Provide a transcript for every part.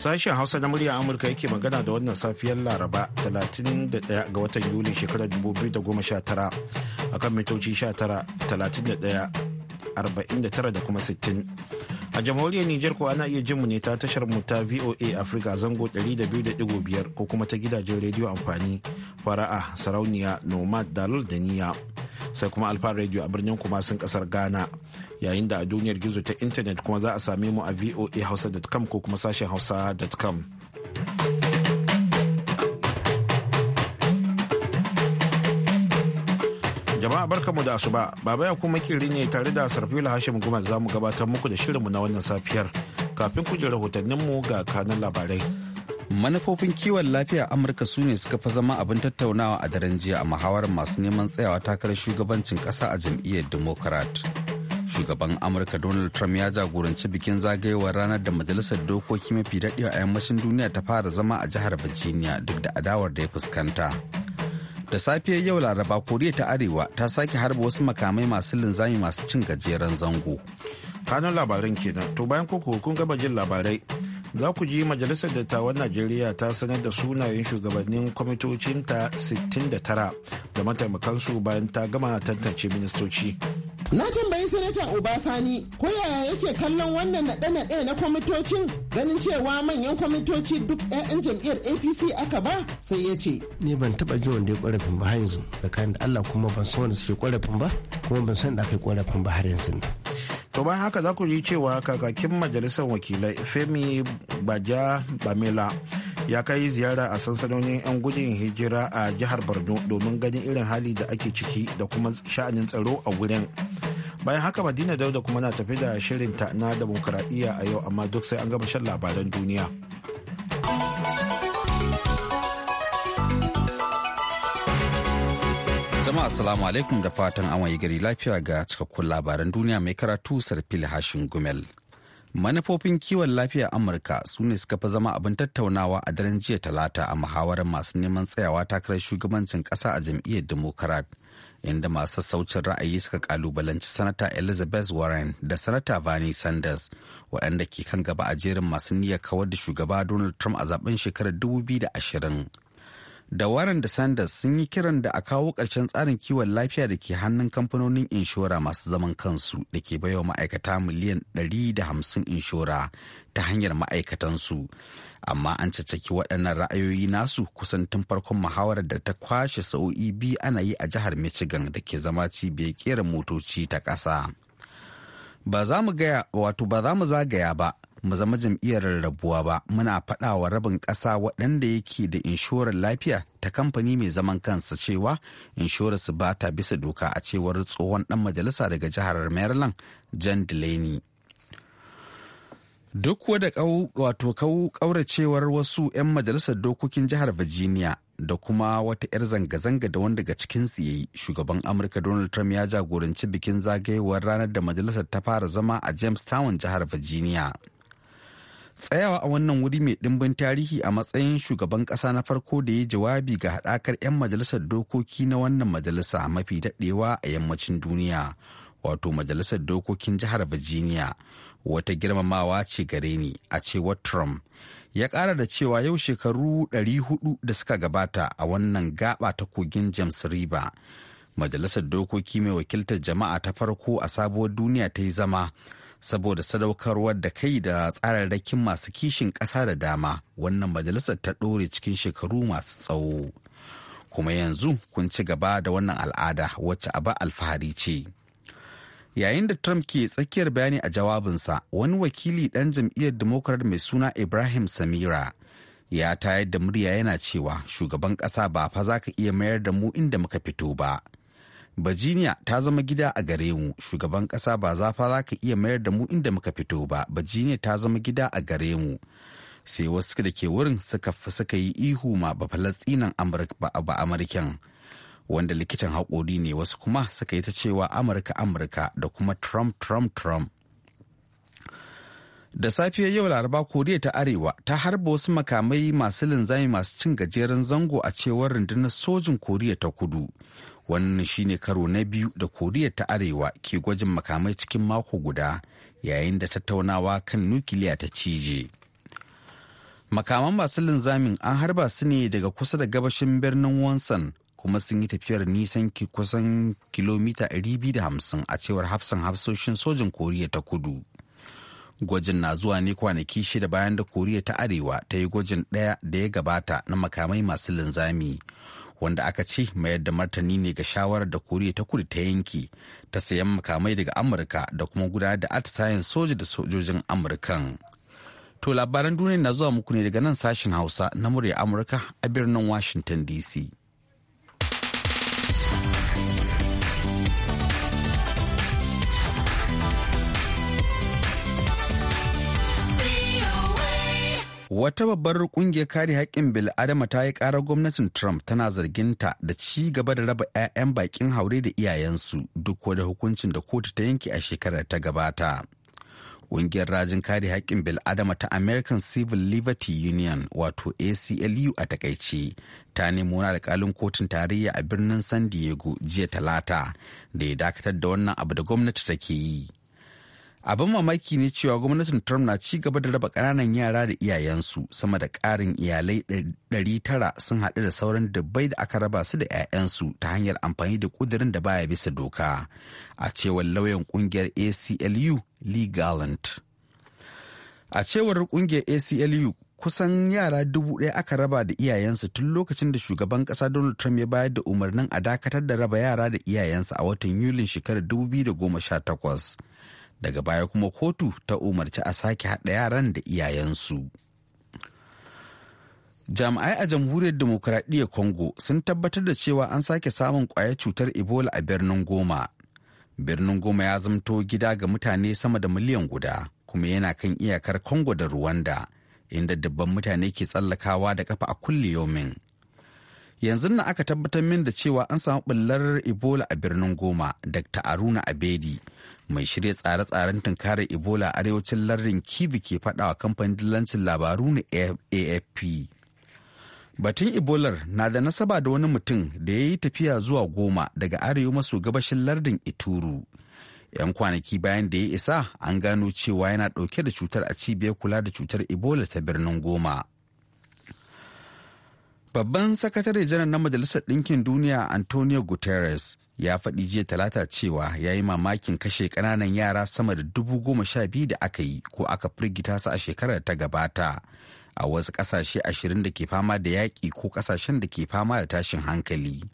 Sashen Hausa na muryar Amurka yake magana da wannan safiyar Laraba 31 ga watan Yuli shekarar 2019 kan mitoci 19, 31, 49 da kuma 60. a jamhuriyar Nijar ko ana iya jinmu ne ta tashar mu ta VOA Africa zango 200.5 ko kuma ta gidajen rediyo amfani fara'a sarauniya nomad dalol da niya sai kuma alfa radio a birnin kuma sun kasar Ghana yayin da a duniyar gizo ta intanet kuma za a same mu a voahausa.com ko kuma sashen hausa.com. jama'a barkamu da asuba baba ya kuma kiri ne tare da sarfila hashim goma za mu gabatar muku da shirinmu na wannan safiyar kafin ku ji rahotanninmu ga kanan labarai manufofin kiwon lafiya amurka su ne suka fi zama abin tattaunawa a daren jiya a muhawarar masu neman tsayawa takarar shugabancin kasa a jam'iyyar democrat shugaban amurka donald trump ya jagoranci bikin zagayewar ranar da majalisar dokoki mafi daɗewa a yammacin duniya ta fara zama a jihar virginia duk da adawar da ya fuskanta da safiyar yau laraba koriya ta arewa ta sake harba wasu makamai masu linzami masu cin gajeren zango kanan labaran kenan to bayan koko kun gama jin labarai za ku ji majalisar dattawan najeriya ta sanar da sunayen shugabannin kwamitocinta 69 da mataimakansu bayan ta gama tantance ministoci. sanata Obasani ko yaya yake kallon wannan naɗe-naɗe na kwamitocin ganin cewa manyan kwamitoci duk 'ya'yan jam'iyyar APC aka ba sai ya ce. Ni ban taɓa ji wanda ya ƙorafin ba har yanzu tsakanin Allah kuma ban san wanda suke ƙorafin ba kuma ban san da aka yi ƙorafin ba har yanzu. To bayan haka za ku ji cewa kakakin majalisar wakilai Femi Baja Bamela ya kai ziyara a sansanonin 'yan gudun hijira a jihar Borno domin ganin irin hali da ake ciki da kuma sha'anin tsaro a wurin. bayan haka madina dauda kuma na tafi da shirin ta na demokuraɗiyya a yau amma duk sai an gama shan labaran duniya jama'a assalamu alaikum da fatan an wayi gari lafiya ga cikakkun labaran duniya mai karatu sarfil hashin gumel manufofin kiwon lafiya amurka su ne suka fi zama abin tattaunawa a daren jiya talata a muhawarar masu neman tsayawa takarar shugabancin kasa a jam'iyyar democrat inda masu sassaucin ra'ayi suka kalubalanci sanata elizabeth warren da sanata bernie sanders waɗanda ke kan gaba a jerin masu niyyar kawar da shugaba donald trump a zaben shekarar 2020 da warren da sanders sun yi kiran da a kawo ƙarshen tsarin kiwon lafiya da ke hannun kamfanonin inshora masu zaman kansu da ke baiwa ma'aikata miliyan 150 inshora ta hanyar ma'aikatansu amma an caccaki waɗannan ra'ayoyi nasu kusan tun farkon muhawarar da ta kwashe sa'o'i biyu ana yi a jihar michigan da ke zama cibiyar kera motoci ta ƙasa ba za mu gaya wato ba za mu zagaya ba mu zama jam'iyyar rabuwa ba muna faɗa wa rabin ƙasa waɗanda yake da inshorar lafiya ta kamfani mai zaman kansa cewa inshorar su ba ta bisa doka a cewar tsohon ɗan majalisa daga jihar maryland Jan delaney duk wada wato kauracewar wasu 'yan majalisar dokokin jihar virginia da kuma wata 'yar zanga-zanga da wanda daga cikin ya yi shugaban amurka donald trump ya jagoranci bikin zagayewar ranar da majalisar ta fara zama a jamestown jihar virginia tsayawa a wannan wuri mai dimbin tarihi a matsayin shugaban ƙasa na farko da ya jawabi ga haɗakar 'yan majalisar dokoki na wannan majalisa mafi daɗewa a yammacin duniya wato majalisar dokokin jihar virginia wata girmamawa ce gare ni a cewar trump ya ƙara da cewa yau shekaru 400 da suka gabata a wannan gaba ta kogin james river majalisar dokoki mai wakiltar jama'a ta farko a sabuwar duniya ta yi zama saboda sadaukarwar da kai da tsararrakin masu kishin ƙasa da dama wannan majalisar ta ɗore cikin shekaru masu tsawo kuma yanzu kun ci gaba da wannan al'ada wacce abu alfahari ce yayin da trump ke tsakiyar bayani a jawabinsa wani wakili ɗan jam'iyyar democrat mai suna ibrahim samira ya tayar da murya yana cewa shugaban ƙasa ba fa za ka iya mayar da mu inda muka fito ba Virginia ta zama gida a gare mu shugaban kasa ba za fa ka iya mayar da mu inda muka fito ba Virginia ta zama gida a gare mu sai wasu da ke wurin suka suka yi ihu ma ba falastinan ba amurken wanda likitan hakori ne wasu kuma suka yi ta cewa amurka amurka da kuma trump trump trump da safiyar yau laraba koriya ta arewa ta harba wasu makamai masu linzami masu cin gajeren zango a cewar rundunar sojin koriya ta kudu wannan shine karo na biyu da koriya ta arewa ke gwajin makamai cikin mako guda yayin da tattaunawa kan nukiliya ta cije makaman masu linzamin an harba su ne daga kusa da gabashin birnin wansan kuma sun yi tafiyar nisan kusan kilomita 250 a cewar hafsan hafsoshin sojin koriya ta kudu gwajin na zuwa ne kwanaki shida bayan da koriya ta arewa ta yi gwajin ɗaya da ya gabata na makamai masu linzami wanda aka ce mayar da martani ne ga shawarar da koriya ta kudu ta yanki ta sayan makamai daga amurka da kuma gudanar da atisayen soja da sojojin amurkan to labaran duniya na zuwa muku ne daga nan sashen hausa na murya amurka a birnin washington dc Wata babbar kungiyar kare haƙƙin bil'adama ta yi ƙarar gwamnatin Trump tana zarginta da ci gaba da raba 'ya'yan bakin haure da iyayensu duk da hukuncin da kotu ta yanke a shekarar ta gabata. Ƙungiyar rajin kare haƙƙin bil'adama ta American Civil Liberty Union wato ACLU a takaice ta nemo wani alƙalin kotun tarayya a birnin San Diego jiya talata da ya dakatar da wannan abu da gwamnati take yi. abin mamaki ne cewa gwamnatin trump na ci gaba da raba ƙananan yara da iyayensu sama da ƙarin iyalai 900 sun haɗu da sauran dubbai da aka raba su da 'ya'yansu ta hanyar amfani da ƙudurin da baya bisa doka a cewar lauyan ƙungiyar aclu lee gallant a cewar ƙungiyar aclu kusan yara dubu ɗaya aka raba da iyayensu tun lokacin da shugaban ƙasa Donald Trump ya bayar da umarnin a dakatar da raba yara da iyayensu a watan Yulin shekarar 2018. daga baya kuma kotu ta umarci a sake haɗa yaran da iyayensu jami'ai a jamhuriyar demokuraɗiyyar congo sun tabbatar da cewa an sake samun ƙwayar cutar ebola a birnin goma birnin goma ya zamto gida ga mutane sama da miliyan guda kuma yana kan iyakar congo da rwanda inda dubban mutane ke tsallakawa da kafa a kulle yomin yanzu na aka tabbatar min da cewa an samu ɓullar ebola a birnin goma dr aruna abedi mai shirya tsare-tsaren tunkarar ebola arewacin lardin kibi ke faɗawa kamfanin dillancin labaru na afp batun ebolar na da nasaba da wani mutum da ya yi tafiya zuwa goma daga arewa maso gabashin lardin ituru yan kwanaki bayan da ya isa an gano cewa yana ɗauke da cutar a cibiyar kula da cutar ebola ta birnin goma babban sakatare janar na majalisar ɗinkin duniya antonio guterres ya faɗi jiya talata cewa ya yi mamakin kashe ƙananan yara sama da dubu goma sha biyu da aka yi ko aka firgita su a shekarar ta gabata a wasu ƙasashe ashirin da ke fama da yaƙi ko ƙasashen da ke fama da tashin hankali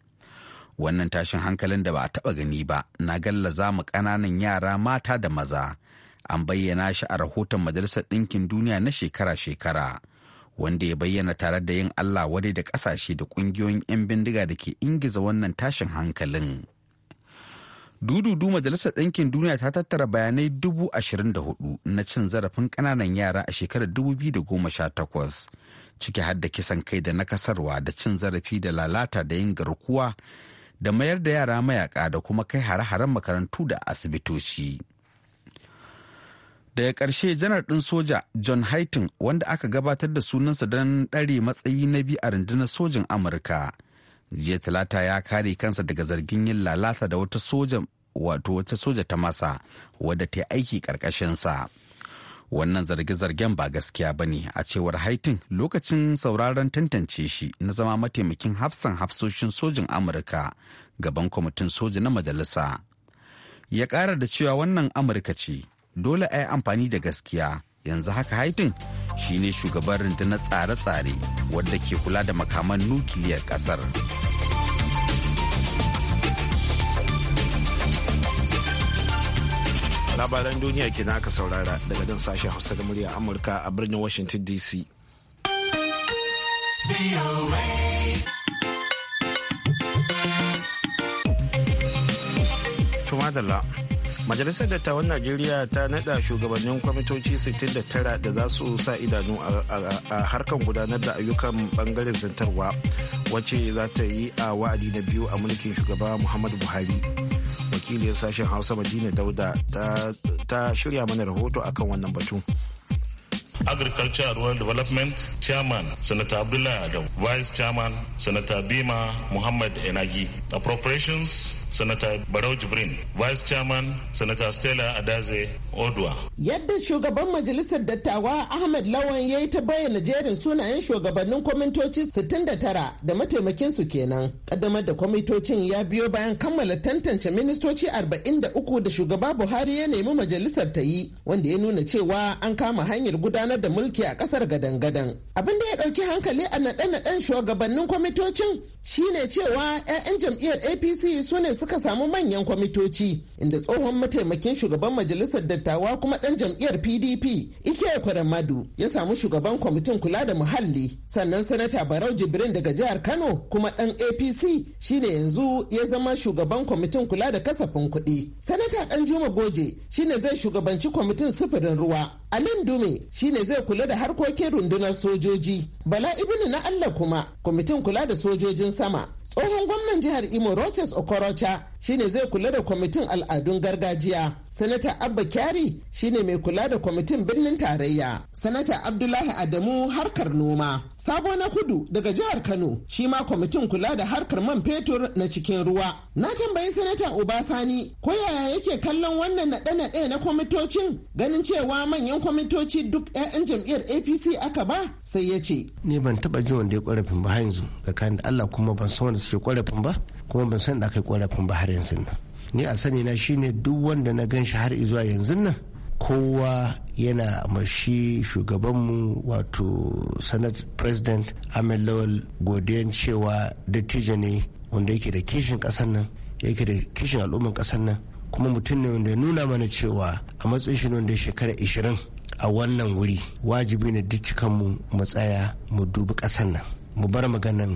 wannan tashin hankalin da ba a taɓa gani ba na gallaza mu ƙananan yara mata da maza an bayyana shi a rahoton majalisar ɗinkin duniya na shekara-shekara wanda ya bayyana tare da yin allah wadai da ƙasashe da ƙungiyoyin 'yan bindiga da ke ingiza wannan tashin hankalin. dududu majalisar ɗinkin duniya ta tattara bayanai dubu ashirin da hudu na cin zarafin ƙananan yara a shekarar dubu biyu da goma sha takwas ciki har da kisan kai da nakasarwa da cin zarafi da lalata da yin garkuwa da mayar da yara mayaka da kuma kai hare-haren makarantu da asibitoci daga ƙarshe janar ɗin soja john hayton wanda aka gabatar da sunansa don ɗare matsayi na biyu a rundunar sojin amurka jiya talata ya kare kansa daga zargin yin lalata da wata soja wato wata soja ta masa wadda ta yi aiki ƙarƙashinsa wannan zarge-zargen ba gaskiya ba ne a cewar haitin lokacin sauraron tantance shi na zama mataimakin hafsan hafsoshin sojin amurka gaban kwamitin soja na majalisa ya ƙara da cewa wannan amurka ce dole a yi amfani da gaskiya yanzu haka haifin shine shugaban rundunar tsare-tsare wadda ke kula da makaman nukiliyar kasar labaran duniya ke aka saurara daga don sashen hausa da murya amurka a birnin washington dc tumadala majalisar dattawan najeriya ta naɗa shugabannin kwamitoci 69 da za su sa idanu a harkar gudanar da ayyukan bangaren zantarwa wacce za ta yi a wa'adi na biyu a mulkin shugaba muhammadu buhari wakilin sashen hausa madina dauda ta shirya mana rahoto akan wannan batu. Agriculture and world Development Chairman Senator Abdullah Adam, Vice Chairman Senator Bima Muhammad Enagi, Appropriations Sanata Barau Jibrin, Vice Chairman Sanata Stella Adaze Odwa. Yadda shugaban majalisar dattawa Ahmed Lawan ya yi ta bayyana jerin sunayen shugabannin kwamitoci 69 da mataimakinsu kenan. Kaddamar da kwamitocin ya biyo bayan kammala tantance ministoci 43 da shugaba Buhari ya nemi majalisar ta yi wanda ya nuna cewa an kama hanyar gudanar da mulki a kasar gadan-gadan. Abin da ya ɗauki hankali a naɗe-naɗen shugabannin kwamitocin shine cewa 'ya'yan jam'iyyar apc su ne suka samu manyan kwamitoci inda tsohon mataimakin shugaban majalisar dattawa kuma ɗan jam'iyyar pdp ike kwaramadu ya samu shugaban kwamitin kula da muhalli sannan sanata barau jibrin daga jihar kano kuma ɗan apc shine yanzu ya zama shugaban kwamitin kula da kasafin kuɗi sanata dan juma goje shine zai shugabanci kwamitin sufurin ruwa alin Dume ne zai kula da harkokin rundunar sojoji. Bala Ibnu na Allah kuma kwamitin kula da sojojin sama tsohon gwamnan jihar imo roches okorocha shine zai kula da kwamitin al'adun gargajiya sanata abba kyari shine mai kula da kwamitin birnin tarayya sanata abdullahi adamu harkar noma sabo na kudu daga jihar kano shi ma kwamitin kula da harkar man fetur na cikin ruwa na tambayi sanata obasani ko yaya yake kallon wannan naɗe-naɗe na kwamitocin ganin cewa manyan kwamitoci duk 'ya'yan jam'iyyar apc aka ba sai ya ce ni ban taɓa jin wanda ya ƙorafin ba yanzu da allah kuma ban san su korafin ba kuma ban san da aka yi ba har yanzu nan ni a sani na shine duk wanda na gan shi har zuwa yanzu nan kowa yana mashi shugabanmu wato senate president amin lawal godiyan cewa dattijo ne wanda yake da kishin kasar nan yake da kishin al'umman kasar nan kuma mutum ne wanda ya nuna mana cewa a matsayin shi wanda shekara ishirin a wannan wuri wajibi ne duk mu mu tsaya mu dubi kasar nan mu bar maganan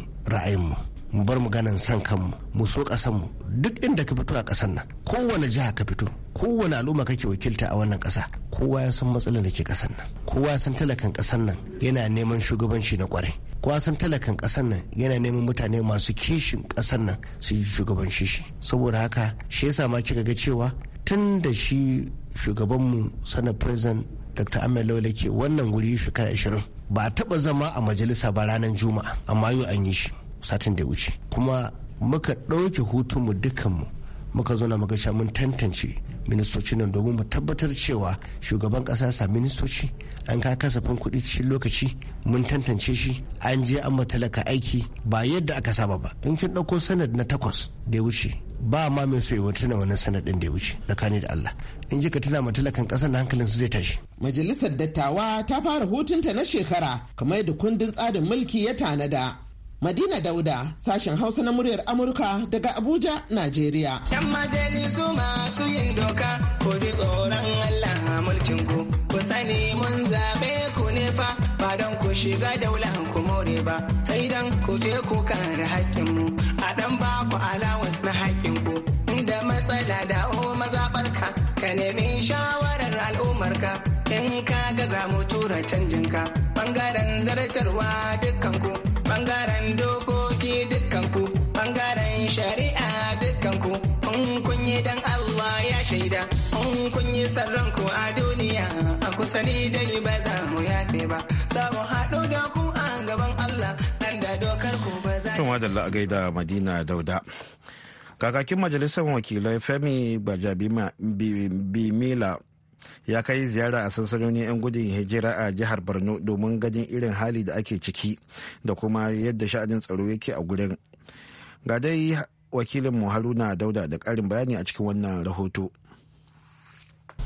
mu. mu bar maganan san kanmu mu so kasanmu duk inda ka fito a kasan nan kowane jiha ka fito kowane al'umma kake wakilta a wannan kasa kowa ya san matsalar da ke kasan nan kowa ya san talakan kasan nan yana neman shugabanci na kwarai kowa san talakan kasan nan yana neman mutane masu kishin kasan nan su yi shugabanci shi saboda haka shi yasa ma kika ga cewa tun da shi shugabanmu sanar president dr ahmed laule ke wannan wuri shekara 20 ba a taba zama a majalisa ba ranar juma'a amma yau an yi shi satin da wuce kuma muka ɗauke hutunmu dukanmu muka zo na magasha mun tantance ministoci nan domin mu tabbatar cewa shugaban kasa sa ministoci an ka kasafin kuɗi cikin lokaci mun tantance shi an je an matalaka aiki ba yadda aka saba ba in kin ɗauko sanad na takwas da ya wuce ba ma mai so yawan tuna wannan sanad ɗin da ya wuce tsakani da Allah in ji ka tuna matalakan ƙasar na hankalin su zai tashi. Majalisar dattawa ta fara hutunta na shekara kamar da kundin tsarin mulki ya tanada. Madina Dauda, sashen Hausa na muryar Amurka daga Abuja, Najeriya. Yan majalisu masu yin doka, ku bi tsoron Allah mulkin ku, ku sani mun zaɓe ku ne fa, ba don ku shiga daular ku more ba, sai don ku je ku kare mu, a ɗan ba ku alawas na haƙƙin ku, inda matsala da o mazaɓarka, ka nemi shawarar al'ummarka, in ka gaza mu tura canjinka, ɓangaren zartarwa dukkan ku kisan ranku a duniya a kusa ni dai ba za mu yafe ba za mu haɗu da ku a gaban Allah nan da dokar ku ba za ta wadalla a gaida Madina Dauda kakakin majalisar wakilai Femi Bimila ya kai ziyara a sansanonin 'yan gudun hijira a jihar borno domin ganin irin hali da ake ciki da kuma yadda sha'anin tsaro yake a gurin ga dai wakilin haruna dauda da ƙarin bayani a cikin wannan rahoto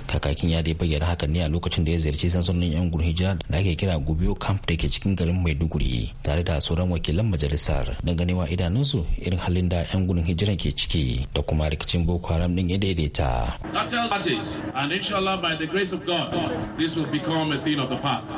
kakakin ya dai bayyana hakan ne a lokacin da ya ziyarci sansanin yan gudun hijira da ake kira gubiyo camp da ke cikin garin maiduguri tare da sauran wakilan majalisar dangane ganewa idanunsu irin halin da yan gudun hijiran ke ciki da kuma rikicin boko haram din ya daidaita. and inshallah by the grace of God, this will become a thing of the past.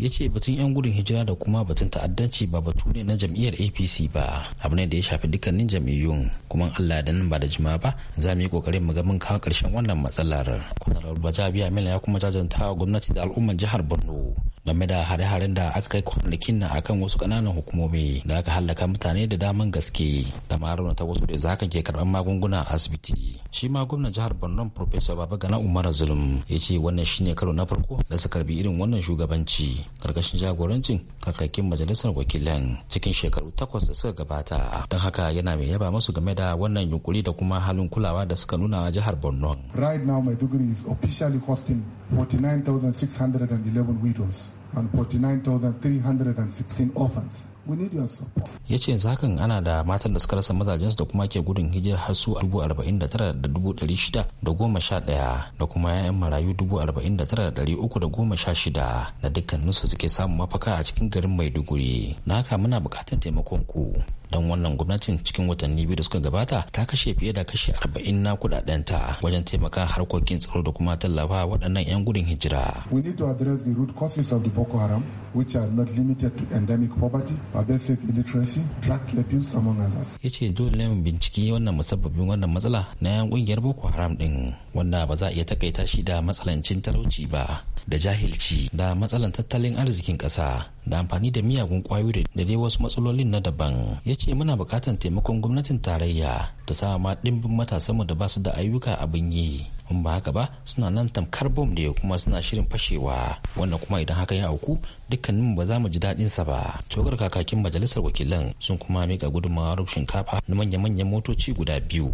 ya ce batun 'yan gudun hijira da kuma batun ta'addanci ba batu ne na jam'iyyar apc ba abu ne da ya shafi dukkanin jam'iyyun kuma allah da nan ba da jima ba za mu yi kokarin mu ga mun kawo karshen wannan matsalar kwanar bajabiya mila ya kuma jajanta gwamnati da al'umman jihar borno game da hare-haren da aka kai kwanakin nan akan wasu kananan hukumomi da aka hallaka mutane da daman gaske da maruna ta wasu da zaka ke karban magunguna a asibiti shi ma gwamnan jihar borno Baba Gana umar zulum ya ce wannan shine karo na farko da su karbi irin wannan shugabanci karkashin jagorancin kakakin majalisar wakilan cikin shekaru takwas da suka gabata don haka yana mai yaba musu game da wannan yunkuri da kuma halin kulawa da suka nuna a jihar borno right now maiduguri is officially hosting 49611 widows and 49,316 orphans. We need your support. Ya ce yanzu hakan ana da matan da suka rasa mazajensu da kuma ke gudun hijira har su 49,611 da kuma 'ya'yan marayu 49,316 da nusu suke samun mafaka a cikin garin Maiduguri. Na haka muna bukatar taimakon ku. don wannan gwamnatin cikin watanni biyu da suka gabata ta kashe fiye da kashe arba'in na ta wajen taimaka harkokin tsaro da kuma tallafa waɗannan 'yan gudun hijira. We need to address the root causes of the Boko Haram which are not limited to endemic poverty, pervasive illiteracy, drug abuse among others. Ya ce dole mu binciki wannan musabbabin wannan matsala na 'yan ƙungiyar Boko Haram ɗin wanda ba za a iya takaita shi da matsalancin talauci ba da jahilci da matsalan tattalin arzikin ƙasa da amfani da miyagun ƙwayoyi da dai wasu matsalolin na daban ya ce muna buƙatar taimakon gwamnatin tarayya ta sa ma ɗimbin matasanmu da ba su da ayyuka abin yi in ba haka ba suna nan tamkar bom da kuma suna shirin fashewa wannan kuma idan haka ya auku dukkanin ba za mu ji daɗin sa ba togar kakakin majalisar wakilan sun kuma mika gudummawar shinkafa na manya-manyan motoci guda biyu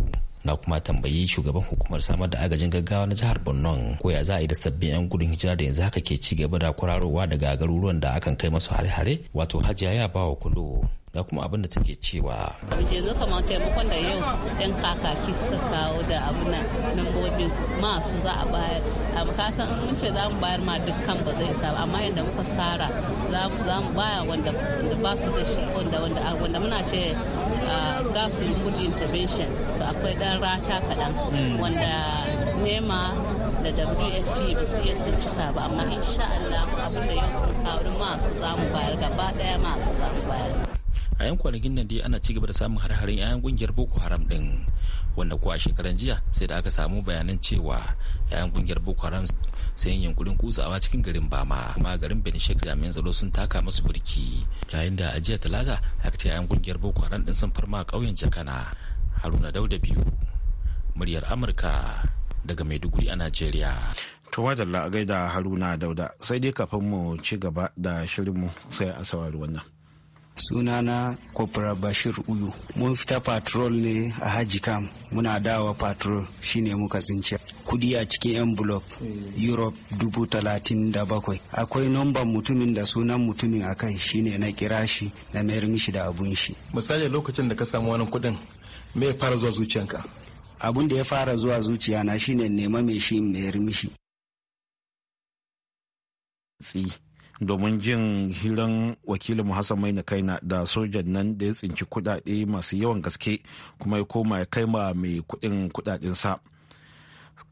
na kuma tambayi shugaban hukumar samar da agajin gaggawa na jihar borno ko ya za a yi da sabbin yan gudun hijira da yanzu haka ke ci gaba da kwararowa daga garuruwan da akan kai masu hare-hare wato hajiya ya bawa kulo ga kuma abin da take cewa. zo kamar taimakon da yau yan kakaki suka kawo da abin nan masu za a bayar abu san in mun ce za mu bayar ma dukkan ba zai sa amma yadda muka sara za mu baya wanda ba su da shi wanda wanda muna ce gaps uh, in food intervention to akwai dan rata kaɗan hmm. wanda nema da wfp ba su iya sun cika ba amma insha Allah abin da yau sun kawo masu zamu bayar gaba daya masu zamu bayar a yan kwanakin nan dai ana cigaba da samun har-harin 'ya'yan kungiyar boko haram din wanda kuwa shekaran jiya sai da aka samu bayanan cewa 'ya'yan kungiyar boko haram sayan yin yunkurin cikin garin bama kuma garin benishek jami'an tsaro sun taka masu burki yayin da a jiya talata aka ce yan kungiyar boko haram din sun farma ƙauyen jakana haruna dauda biyu muryar amurka daga maiduguri a najeriya to dalla a gaida haruna dauda sai dai kafin mu ci gaba da shirinmu sai a saurari wannan sunana kwabra bashir uyu mun fita patrol ne a haji kam muna dawa patrol shine muka tsinci kudi a cikin envelope europe dubu talatin da bakwai akwai nomban mutumin da sunan mutumin a kai shine na kira shi na mayar mishi da abun shi misali lokacin da ka samu wani kudin me fara zuwa zuciyanka abun da ya fara zuwa zuciyana shine nema mai shi mayar mishi domin jin hiran wakilin Hassan Maina Kaina da sojan nan da ya tsinci kudade masu yawan gaske kuma ya koma ya kai ma mai kudin sa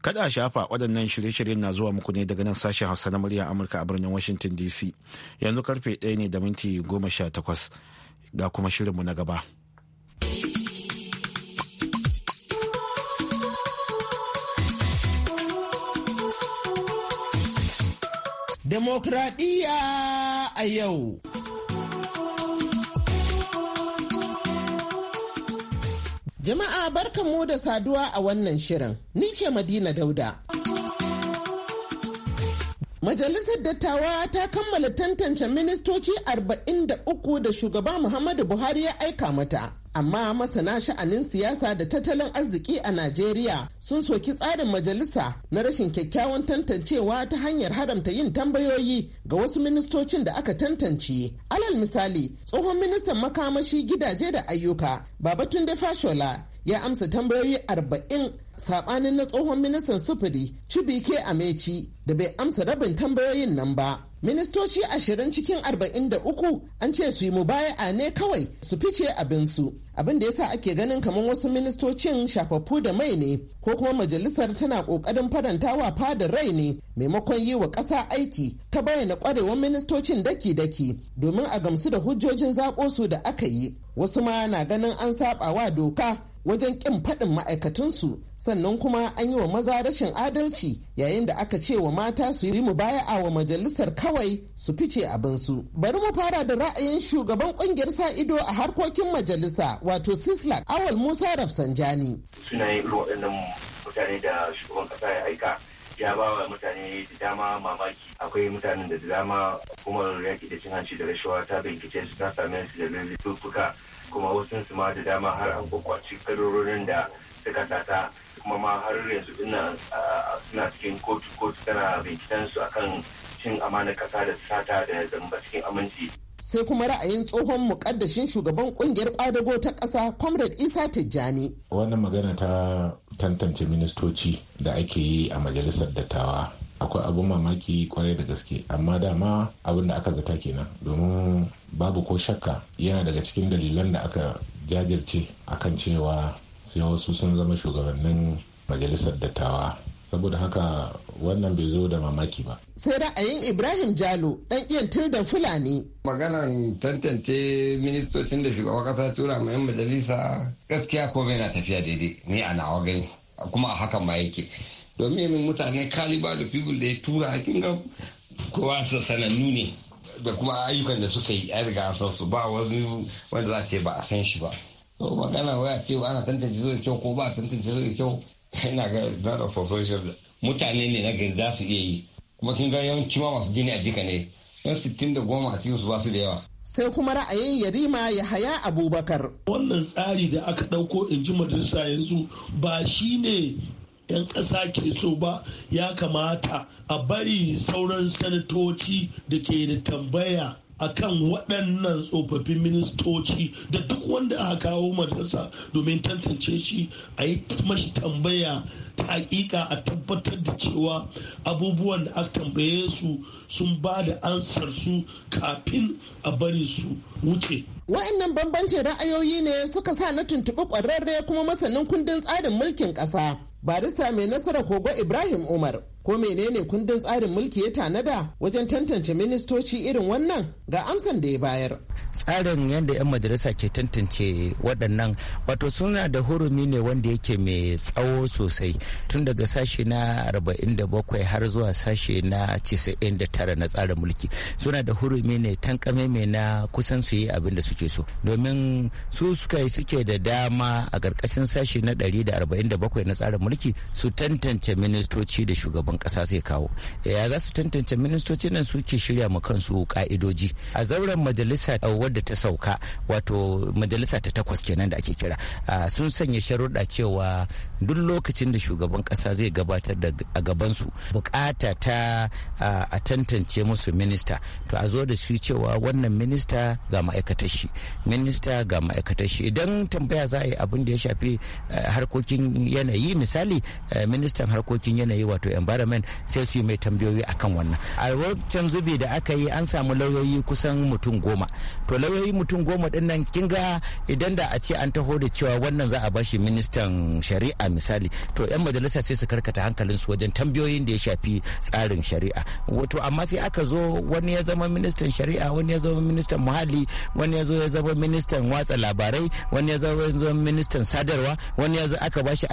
Kada a shafa waɗannan shirye shirye na zuwa muku ne daga nan sashen Hausa na murya Amurka a birnin Washington DC. Yanzu karfe ɗaya ne da minti goma sha takwas ga kuma shirinmu na gaba. Demokradiyya a yau. Jama'a mu da saduwa a wannan shirin. Ni ce Madina Dauda. Majalisar Dattawa ta kammala tantance ministoci 43 da shugaba Muhammadu Buhari ya aika mata. Amma masana sha'anin siyasa da tattalin arziki a Najeriya sun soki tsarin majalisa na rashin kyakkyawan tantancewa ta hanyar haramta yin tambayoyi ga wasu ministocin da aka tantance. Alal misali, tsohon ministan makamashi gidaje da ayyuka, Babatunde Fashola, ya amsa tambayoyi arba'in saɓanin na tsohon ministan sufuri Chibike Amechi da bai amsa rabin tambayoyin nan ba. Ministoci ashirin cikin arba'in da uku an ce su yi mubaya'a ne kawai su fice abinsu. Abin da yasa ake ganin kamar wasu ministocin shafaffu da mai ne ko kuma majalisar tana ƙoƙarin farantawa fadar rai ne maimakon yi wa ƙasa aiki ta bayyana kwarewar ministocin daki-daki domin a gamsu da hujjojin zaƙo su da aka yi. Wasu ma na ganin an saɓa wa doka wajen ƙin faɗin ma'aikatunsu sannan kuma an yi wa maza rashin adalci yayin da aka ce wa mata su yi mu a wa majalisar kawai su fice abinsu. Bari mu fara da ra'ayin shugaban kungiyar sa ido a harkokin majalisa wato Sislak Awal Musa Rafsanjani. Suna yin waɗannan mutane da shugaban ƙasa ya aika ya ba wa mutane da dama mamaki akwai mutanen da dama hukumar yaki da cin hanci da rashawa ta bincike su ta same su da lulluɓuka kuma wasu su ma da dama har an kwakwaci kadarorin da suka sata kuma ma har yanzu ina suna cikin kotu kotu tana bincikensu akan cin amana kasa da sata da zamba cikin aminci sai kuma ra'ayin tsohon mukaddashin shugaban kungiyar kwadago ta ƙasa comrade isa tijjani wannan magana ta tantance ministoci da ake yi a majalisar dattawa akwai abun mamaki kwarai da gaske amma dama abin da aka zata kenan domin babu ko shakka yana daga cikin dalilan da aka jajirce akan cewa sai wasu sun zama shugabannin majalisar dattawa saboda haka wannan bai zo da mamaki ba. sai ra'ayin ibrahim jalo dan iyan tilda fulani. maganan tantance ministocin da shugaban kasa tura mai majalisa gaskiya ko na tafiya daidai ni a nawa gani kuma a hakan ma yake domin yamin mutane kaliba da fibul da ya tura hakin ga kowa sanannu ne da kuma ayyukan da suka yi a riga san su ba wani wanda za ce ba a san shi ba. to magana waya cewa ana tantance zai kyau ko ba tantance zai kyau ina ga zara professor mutane ne na gari za su iya yi kuma kin ga yawanci ma masu jini a jika ne yan sittin da goma a cikin su ba su da yawa sai kuma ra'ayin yarima ya haya abubakar wannan tsari da aka ɗauko in ji majalisa yanzu ba shi ne 'yan ƙasa ke so ba ya kamata a bari sauran sanatoci da ke da tambaya akan waɗannan tsofaffin ministoci da duk wanda aka kawo majalisa domin tantance shi a yi mashi tambaya ta hakika a tabbatar da cewa abubuwan da aka tambaye su sun ba da ansar su kafin a bari su wuce wa'annan bambancin ra'ayoyi ne suka sa na tuntuɓi ƙwararre kuma masanin kundin tsarin mulkin ƙasa barista mai nasara kogo ibrahim umar ko menene kundin tsarin mulki ya tanada wajen tantance ministoci irin wannan ga amsan da ya bayar tsarin yadda 'yan majalisa ke tantance waɗannan wato suna da hurumi ne wanda yake mai tsawo sosai tun daga sashe na 47 har zuwa sashe na 99 na tsarin mulki suna da hurumi ne tankame mai na kusan su yi abin da suke so domin su suka yi suke da dama a ƙarƙashin sashe na 147 na tsarin mulki su tantance ministoci da shugaban shugaban kasa zai kawo ya za su tantance ministoci nan suke shirya ma kansu ka'idoji a zauren majalisa uh, wadda ta sauka wato majalisa ta takwas kenan da ake kira uh, sun sanya sharuɗa cewa duk lokacin da shugaban kasa zai gabatar da a gabansu bukata ta a tantance musu minista to a zo da su cewa wannan minista ga ma'aikatar shi minista ga ma'aikatar shi idan tambaya za a yi abin da ya shafi eh, harkokin yanayi misali eh, ministan harkokin yanayi wato environment sai su yi mai tambayoyi akan wannan a wancan zubi da aka yi an samu lauyoyi kusan mutum goma to lauyoyi mutum goma din nan kin ga idan da a ce an taho da cewa wannan za a bashi ministan shari'a shari'a misali to 'yan majalisa sai su karkata hankalinsu wajen tambayoyin da ya shafi tsarin shari'a wato amma sai aka zo wani ya zama ministan shari'a wani ya zama ministan muhalli wani ya zo ya zama ministan watsa labarai wani ya zama ministan sadarwa wani ya zo aka bashi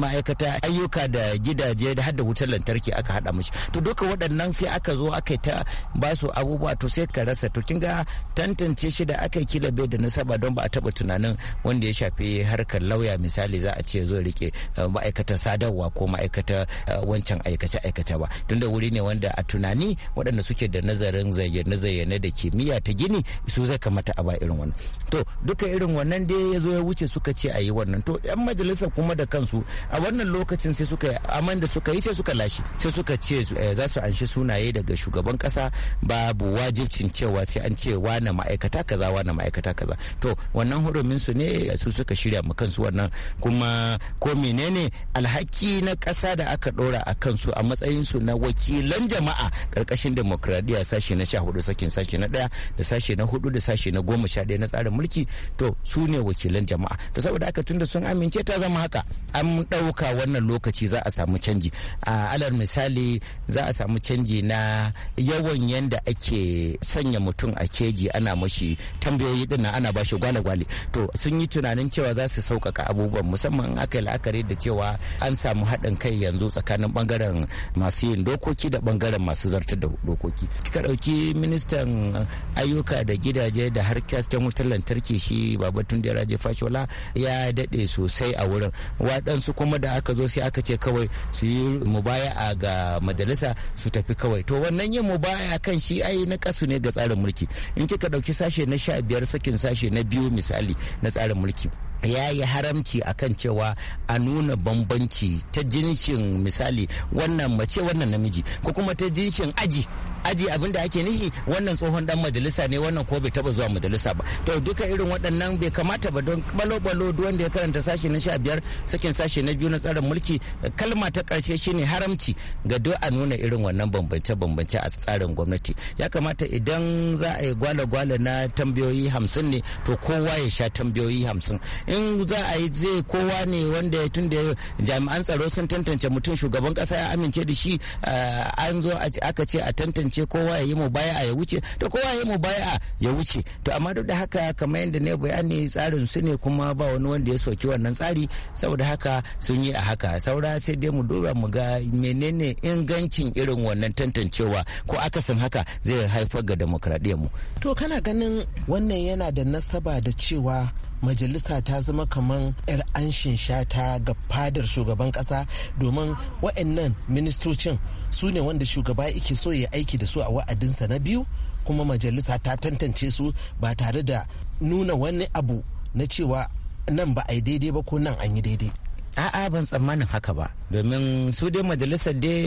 ma'aikata ayyuka da gidaje da hada wutar lantarki aka hada mashi to duka waɗannan sai aka zo aka ta ba su abubuwa to sai ka rasa to kin ga tantance shi da aka yi kila bai da nasaba don ba a taba tunanin wanda ya shafi harkar lauya misali za a ce zo rike Eh, ma'aikatar sadarwa ko ma'aikata eh, wancan aikace-aikace ba tunda wuri ne wanda a tunani waɗanda suke da nazarin zayyane-zayyane da kimiyya ta gini su zai kamata a ba irin wannan to duka irin wannan dai ya zo ya wuce suka ce a yi wannan to yan majalisa kuma da kansu a wannan lokacin sai suka aman da suka yi sai suka lashe sai suka ce eh, za su anshi sunaye daga shugaban kasa babu wajibcin cewa sai an ce wane ma'aikata kaza wane ma'aikata kaza to wannan hurumin su ne su suka shirya mu kansu wannan kuma ko menene alhaki na ƙasa da aka ɗora a kansu a matsayinsu na wakilan jama'a ƙarƙashin demokradiyya sashe na sha hudu sakin sashe na ɗaya da sashe na hudu da sashe na goma sha na tsarin mulki to su ne wakilan jama'a to saboda aka tunda sun amince ta zama haka an ɗauka wannan lokaci za a samu canji a alal misali za a samu canji na yawan yanda ake sanya mutum a keji ana mashi tambayoyi dinnan ana bashi gwale-gwale to sun yi tunanin cewa za su sauƙaƙa abubuwan musamman aka yi la'akari la'akari da cewa an samu haɗin kai yanzu tsakanin bangaren masu yin dokoki da bangaren masu zartar da dokoki kika ɗauki ministan ayyuka da gidaje da har wutar lantarki shi Baba da raje fashola ya daɗe sosai a wurin waɗansu kuma da aka zo sai aka ce kawai su yi mubaya'a ga majalisa su tafi kawai to wannan yin mubaya'a kan shi ai na kasu ne ga tsarin mulki in kika ɗauki sashe na sha biyar sakin sashe na biyu misali na tsarin mulki ya yi haramci akan cewa a nuna bambanci ta jinshin misali wannan mace wannan namiji ko kuma ta jinshin aji aji abin da ake nihi wannan tsohon dan majalisa ne wannan ko bai taba zuwa majalisa ba to duka irin waɗannan bai kamata ba don balo-balo wanda ya karanta sashe na sha biyar sakin sashe na biyu na tsarin mulki kalma ta ƙarshe shine haramci ga duk a nuna irin wannan bambance-bambance a tsarin gwamnati ya kamata idan za a yi gwale-gwale na tambayoyi hamsin ne to kowa ya sha tambayoyi hamsin in za a yi zai kowa ne wanda ya tun da jami'an tsaro sun tantance mutum shugaban kasa ya amince da shi eh, an zo aka ce a tantance kasance kowa ya yi mu baya ya wuce to kowa ya yi mu baya ya wuce to amma duk da haka kamar yadda ne bayani tsarin su ne kuma ba wani wanda ya soki wannan tsari saboda haka sun yi a haka saura sai dai mu duba mu ga menene ingancin irin wannan tantancewa ko akasin haka zai haifar ga demokradiyyar mu to kana ganin wannan yana da nasaba da cewa majalisa ta zama kamar 'yar anshin shata ga fadar shugaban kasa domin waɗannan ministocin su ne wanda shugaba yake so ya aiki da su a wa'adinsa na biyu kuma majalisa ta tantance su ba tare da nuna wani abu na cewa nan ba a yi daidai ba ko nan an yi daidai a'a ban tsammanin haka ba domin su dai majalisar dai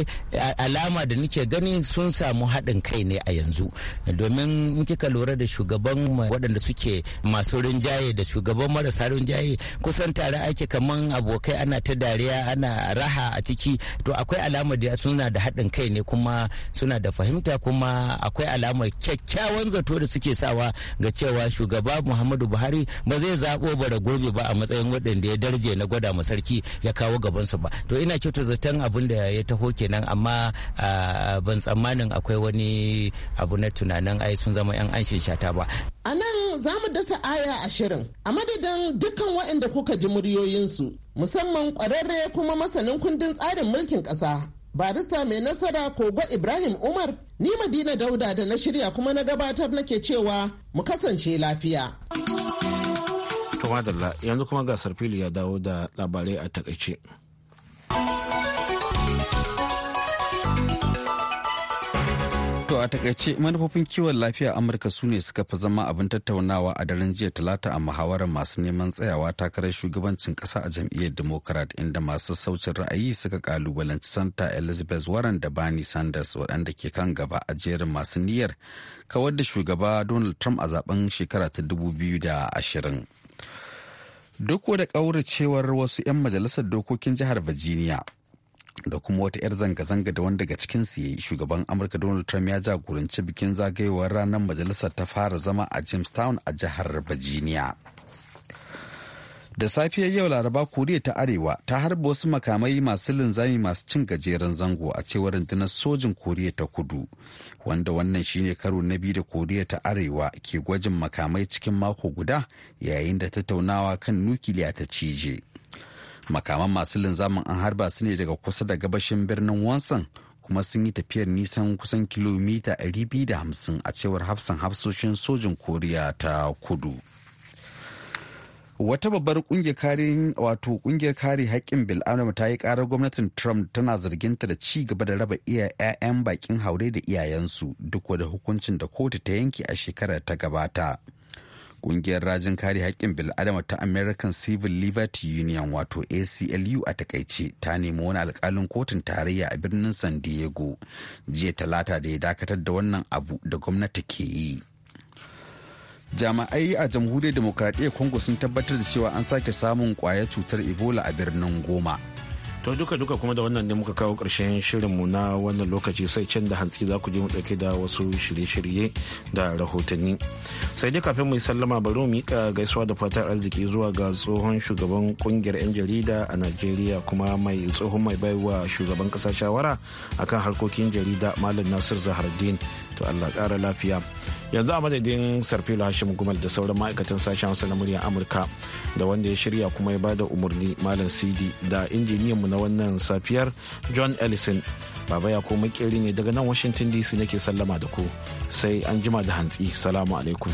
alama da nake gani sun samu haɗin kai ne a yanzu domin in kika lura da shugaban waɗanda suke masu rinjaye da shugaban marasa rinjaye kusan tare ake kaman abokai ana ta dariya ana raha a ciki to akwai alama da suna da haɗin kai ne kuma suna da fahimta kuma akwai alama kyakkyawan zato da suke sawa ga cewa shugaba muhammadu buhari ba zai zaɓo bara gobe ba a matsayin waɗanda ya darje na gwada ma sarki ya kawo gabansu ba to ina kyauta zaton abin da ya taho kenan amma ban tsammanin akwai wani abu na tunanin ai sun zama 'yan anshin shata ba a nan za mu dasa aya ashirin a madadin dukkan waɗanda kuka ji muryoyinsu musamman ƙwararre kuma masanin kundin tsarin mulkin ƙasa barista mai nasara kogo ibrahim umar ni madina dauda da na shirya kuma na gabatar nake cewa mu kasance lafiya. da la yanzu kuma gasar fili ya dawo da labarai a takaice. To a takaice manufofin kiwon lafiya Amurka su ne suka fi zama abin tattaunawa a daren jiya talata a muhawarar masu neman tsayawa takarar shugabancin kasa a jam'iyyar Democrat inda masu saucin ra'ayi suka kalubalanci Santa Elizabeth Warren da Bernie Sanders waɗanda ke kan gaba a jerin masu niyyar kawar da shugaba Donald Trump a zaben shekara ta 2020. duk da ƙauracewar wasu 'yan majalisar dokokin jihar virginia da kuma wata 'yar zanga-zanga da wanda daga cikinsu ya yi shugaban amurka donald trump ya jagoranci bikin zagayowar ranar majalisar ta fara zama a jamestown a jihar virginia da safiyar yau laraba koriya ta arewa ta harba wasu makamai masu linzami masu cin gajeren zango a cewar rundunar sojin koriya ta kudu wanda wannan shine karo na biyu da koriya ta arewa ke gwajin makamai cikin mako guda yayin da tattaunawa kan nukiliya ta cije makaman masu linzamin an harba su ne daga kusa da gabashin birnin wansan kuma sun yi tafiyar nisan kusan kilomita 250 a cewar hafsan hafsoshin sojin koriya ta kudu. wata babbar kungiyar kare wato kungiyar kare haƙƙin bil'adama ta yi ƙarar gwamnatin trump tana zarginta da ci gaba da raba iya 'ya'yan bakin haure da iyayensu duk da hukuncin da kotu ta yanke a shekarar ta gabata kungiyar rajin kare haƙƙin bil'adama ta american civil liberty union wato aclu a takaice ta nemi wani alƙalin kotun tarayya a birnin san diego jiya talata da ya dakatar da wannan abu da gwamnati ke yi jami'ai a jamhuriyar demokradiyyar congo sun tabbatar da cewa an sake samun kwayar cutar ebola a birnin goma to duka duka kuma da wannan ne muka kawo ƙarshen shirinmu na wannan lokaci sai can da hantsi za ku je mu ɗauke da wasu shirye-shirye da rahotanni sai dai kafin mu yi sallama bari mu miƙa gaisuwa da fatar arziki zuwa ga tsohon shugaban kungiyar 'yan jarida a najeriya kuma mai tsohon mai baiwa shugaban ƙasa shawara akan harkokin jarida malam nasir zahardin to allah ƙara lafiya yanzu a madadin sarfilo hashim gumal da sauran ma'aikatan sashen hausa na murya amurka da wanda ya shirya kuma ya bada umarni malam cd da injiniyanmu na wannan safiyar john ellison baba ya koma makeri ne daga nan washington dc nake sallama da ku sai an jima da hantsi salamu alaikum